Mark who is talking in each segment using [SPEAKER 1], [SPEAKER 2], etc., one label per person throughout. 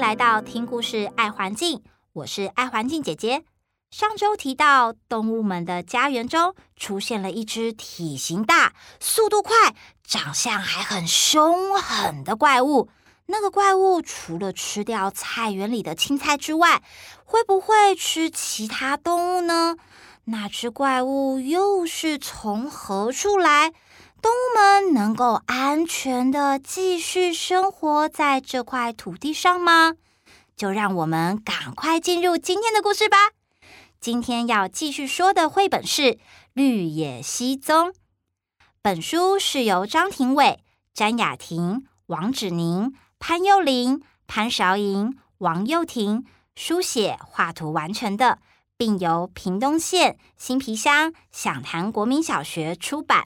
[SPEAKER 1] 來到聽故事愛環境，我是愛環境姐姐。上周提到，動物們的家園中出現了一隻體型大、速度快、長相還很凶狠的怪物。那個怪物除了吃掉菜園裡的青菜之外，會不會吃其他動物呢？那隻怪物又是從何處來？動物們能夠安全的繼續生活在這塊土地上嗎？就讓我們趕快進入今天的故事吧。今天要繼續說的繪本是《綠野蜥蹤》。本書是由張庭禕、詹雅庭、王芷寧、潘宥琳、潘韶瑩、王宥婷書寫、畫圖完成的，並由屏東縣新埤鄉餉潭國民小學出版。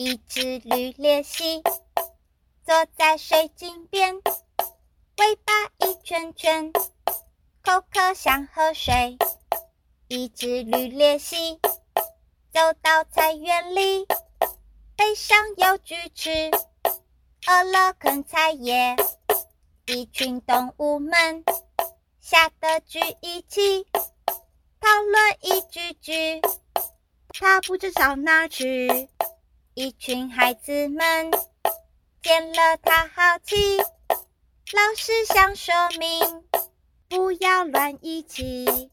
[SPEAKER 1] 一隻綠鬣蜥坐在水井邊，尾巴一圈圈，口渴想喝水。一隻綠鬣蜥走到菜園裡，背上有鋸齒，餓了啃菜葉。一群動物們嚇得聚一起，討論一句句，他不知上哪去。一群孩子們見了他好奇，老師想說明不要亂一起。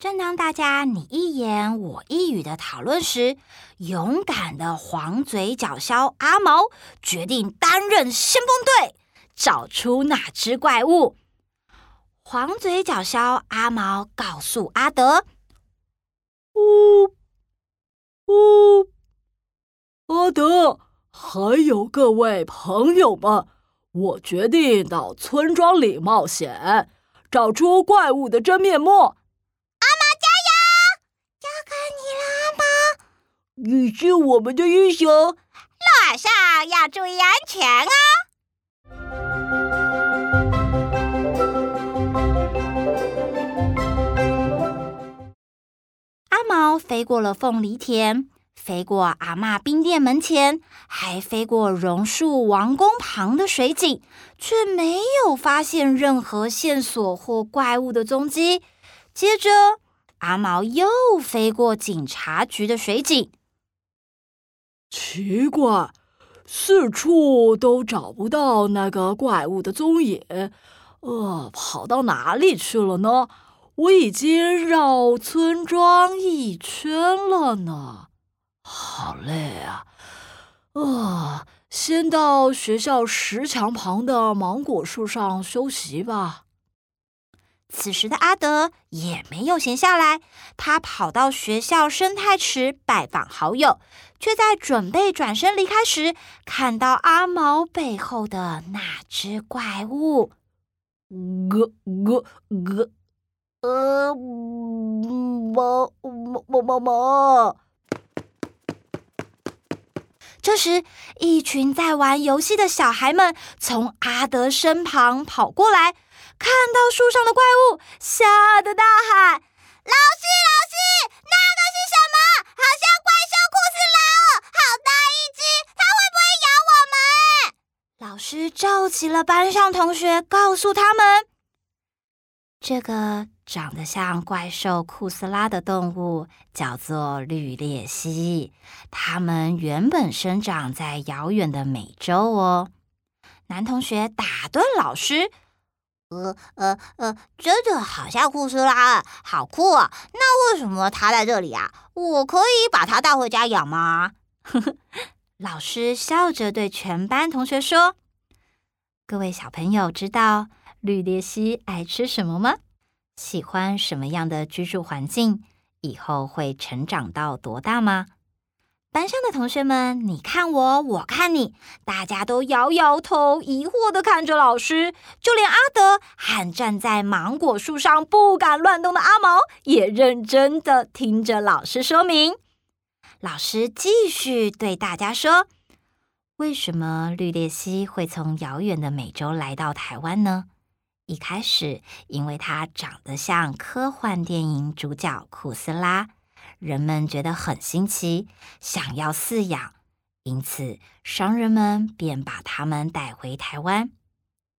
[SPEAKER 1] 正當大家你一言我一語的討論時，勇敢的黃嘴角鴞阿毛決定擔任先鋒隊，找出那只怪物。黃嘴角鴞阿毛告訴阿德。
[SPEAKER 2] 嗚嗚、哦哦，阿德，還有各位朋友們，我決定到村莊裡冒險，找出怪物的真面目。阿媽，加油！交給你了，阿媽。你是我們的英雄。
[SPEAKER 1] 路上要注
[SPEAKER 2] 意安全哦、啊。
[SPEAKER 1] 毛飛過了鳳梨田，飛過阿嬤冰店門前，還飛過榕樹王宮旁的水井，卻沒有發現任何線索或怪物的蹤跡。接着，阿毛
[SPEAKER 2] 又飛過警察局的水井。奇怪，四處都找不到那個怪物的蹤影，呃、哦，跑到哪裡去了呢？我已經繞村莊一圈了呢，好累啊！啊、呃，先到學校石牆旁的芒果樹上休
[SPEAKER 1] 息吧。此時的阿德也沒有閒下來，他跑到學校生態池拜訪好友，卻在準備轉身離開時，看到阿毛背後的那隻怪物。
[SPEAKER 2] 咯咯咯。呃，某某某某某。這時，
[SPEAKER 1] 一群在玩遊戲的小孩們從阿德身旁跑過來，看到樹上的怪物，嚇得大喊：“老師，老師，那個是什麼？好像怪獸酷斯拉哦，好大一隻，它會不會咬我們？”老師召集了班上同學，告訴他們：“這個。”長得像怪獸庫斯拉的動物叫做綠鬣蜥，它們原本生長在遙遠的美洲哦。男同學打斷老師：“呃呃呃，真的好像庫斯拉，好酷啊，那為什麼它在這裡啊？我可以把它帶回家養嗎？” 老師笑着對全班同學說：“各位小朋友，知道綠鬣蜥愛吃什麼嗎？”喜歡什麼樣的居住環境？以後會成長到多大嗎？班上的同學們，你看我，我看你，大家都搖搖頭，疑惑的看着老師。就連阿德還站在芒果樹上不敢亂動的阿毛，也認真的聽着老師說明。老師繼續對大家說：為什麼綠鬣蜥會從遙遠的美洲來到台灣呢？一開始，因為它長得像科幻電影主角酷斯拉，人們覺得很新奇，想要飼養，因此商人們便把它們帶回台灣。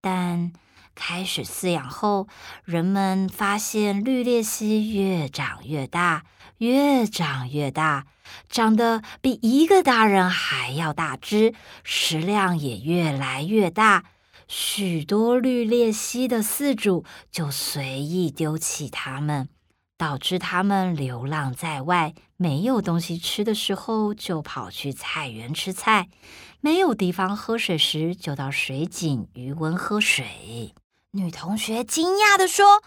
[SPEAKER 1] 但開始飼養後，人們發現綠鬣蜥越長越大，越長越大，長得比一個大人還要大隻，食量也越來越大。許多綠鬣蜥的飼主就隨意丟棄它們，導致它們流浪在外。沒有東西吃的時候，就跑去菜園吃菜；沒有地方喝水時，就到水井魚塭喝水。女同學驚訝地說：“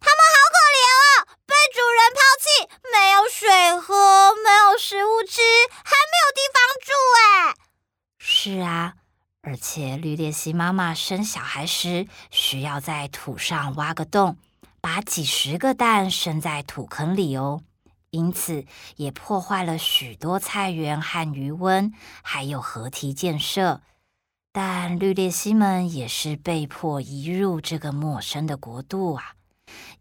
[SPEAKER 1] 他們好可憐啊，被主人拋棄，沒有水喝，沒有食物吃，還沒有地方住。”哎，是啊。而且綠鬣蜥媽媽生小孩時，需要在土上挖個洞，把幾十個蛋生在土坑裡哦。因此也破壞了許多菜園和魚塭，還有河堤建設。但綠鬣蜥們也是被迫移入這個陌生的國度啊，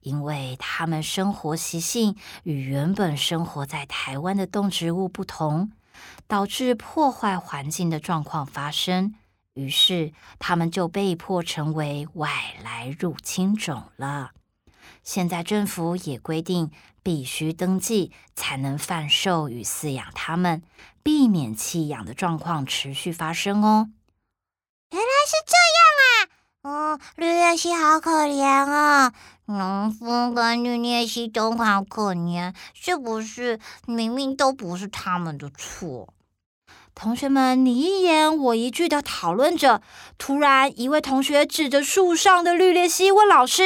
[SPEAKER 1] 因為它們生活習性與原本生活在台灣的動植物不同，導致破壞環境的狀況發生。於是，他們就被迫成為外來入侵種了。現在政府也規定，必須登記才能販售與飼養他們，避免棄養的狀況持續發生哦。原來是這樣啊！哦、嗯，綠鬣蜥好可憐啊，農夫跟綠鬣蜥都好可憐，是不是？明明都不是他們的錯。同學們，你一言我一句的討論着。突然，一位同學指着樹上的綠鬣蜥問老師：“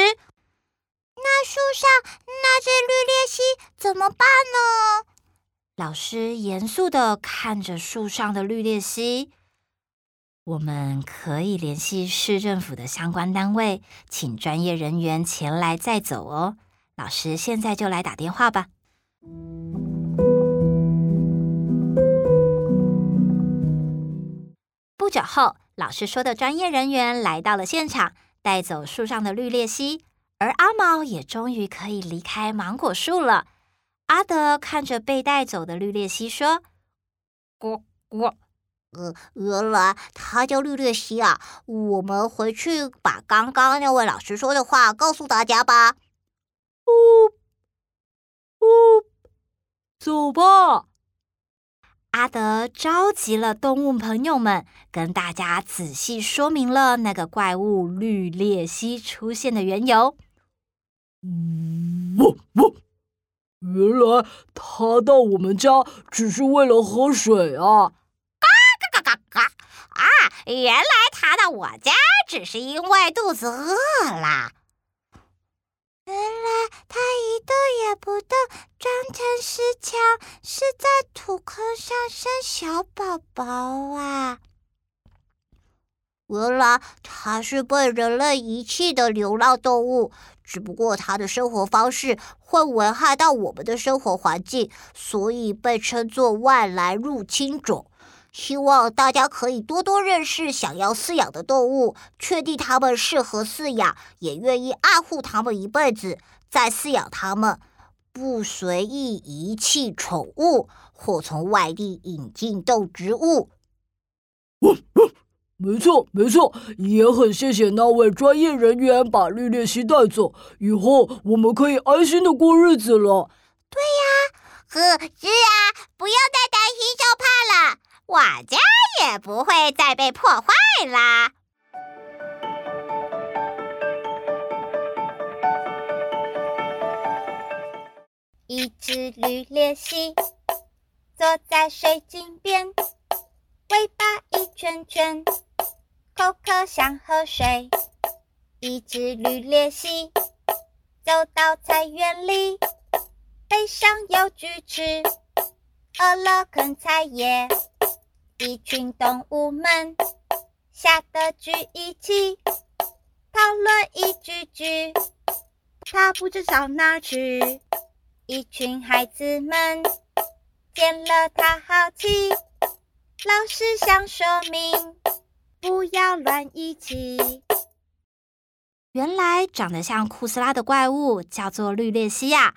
[SPEAKER 1] 那樹上那只綠鬣蜥怎麼辦呢？”老師嚴肅的看着樹上的綠鬣蜥：“我們可以聯繫市政府的相關單位，請專業人員前來帶走哦。”老師，現在就來打電話吧。之後，老師說的專業人員來到了現場，帶走樹上的綠鬣蜥，而阿貓也終於可以離開芒果樹了。阿德看着被帶走的綠鬣蜥說：“呱呱、呃，呃餓了，它、呃、叫綠鬣蜥啊。我們回去把剛剛那位老師說的話告訴大家吧。哦”“嗚、哦、嗚，走吧。”阿德召集了動物朋友們，跟大家仔細說明了那個怪物綠鬣蜥出現的緣由。
[SPEAKER 2] 哦哦，原來他到我們家只是為了喝水啊！嘎嘎嘎嘎
[SPEAKER 1] 嘎！啊，原來他到我家只是因為肚子餓了。原來它一動也不動，裝成石牆，是在土坑上生小寶寶啊！原來它是被人類遺棄的流浪動物，只不過它的生活方式會危害到我們的生活環境，所以被稱作外來入侵種。希望大家可以多多認識想要飼養的動物，確定他們適合飼養，也願意愛護他們一輩子，再飼養他們，不隨
[SPEAKER 2] 意遺棄寵物，或從外地引進動植物。嗯嗯、哦哦，沒錯沒錯，也很謝謝那位專業人員把綠鬣蜥帶走，以後我們可以安心的過日子了。對
[SPEAKER 1] 呀、啊，呵，是啊，不要再擔心受怕了。我家也不會再被破壞啦。一只綠鬣蜥坐在水井邊，尾巴一圈圈，口渴想喝水。一只綠鬣蜥走到菜園裡，背上有鋸齒，餓了啃菜葉。一群動物們嚇得聚一起，討論一句句，他不知道哪去。一群孩子們見了他好奇，老師想說明，不要亂一起。原來長得像酷斯拉的怪物叫做綠鬣蜥呀。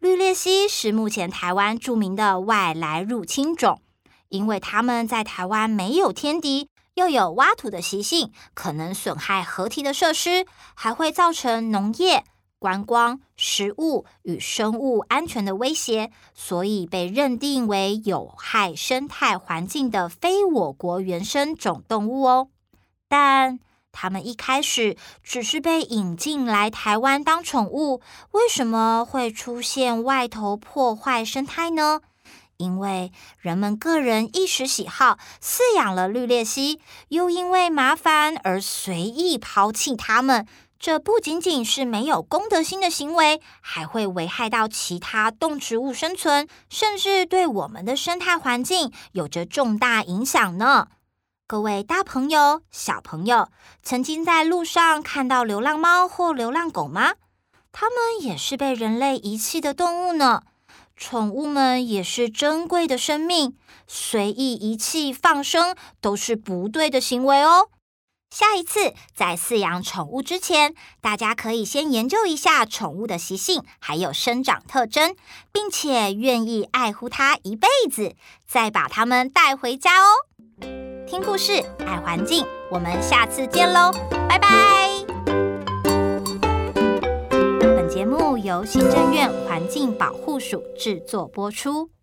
[SPEAKER 1] 綠鬣蜥是目前台灣著名的外來入侵種。因為它們在台灣沒有天敵，又有挖土的習性，可能損害河堤的設施，還會造成農業、觀光、食物與生物安全的威脅，所以被認定為有害生態環境的非我國原生種動物哦。但它們一開始只是被引進來台灣當寵物，為什麼會出現外頭破壞生態呢？因為人們個人一時喜好飼養了綠鬣蜥，又因為麻煩而隨意拋棄它們，這不僅僅是沒有公德心的行為，還會危害到其他動植物生存，甚至對我們的生態環境有着重大影響呢。各位大朋友、小朋友，曾經在路上看到流浪貓或流浪狗嗎？它們也是被人類遺棄的動物呢。寵物們也是珍貴的生命，隨意遺棄、放生都是不對的行為哦。下一次在飼養寵物之前，大家可以先研究一下寵物的習性，還有生長特徵，並且願意愛護它一輩子，再把它們帶回家哦。聽故事，愛環境，我們下次見嘍，拜拜。由行政院環境保護署製作播出。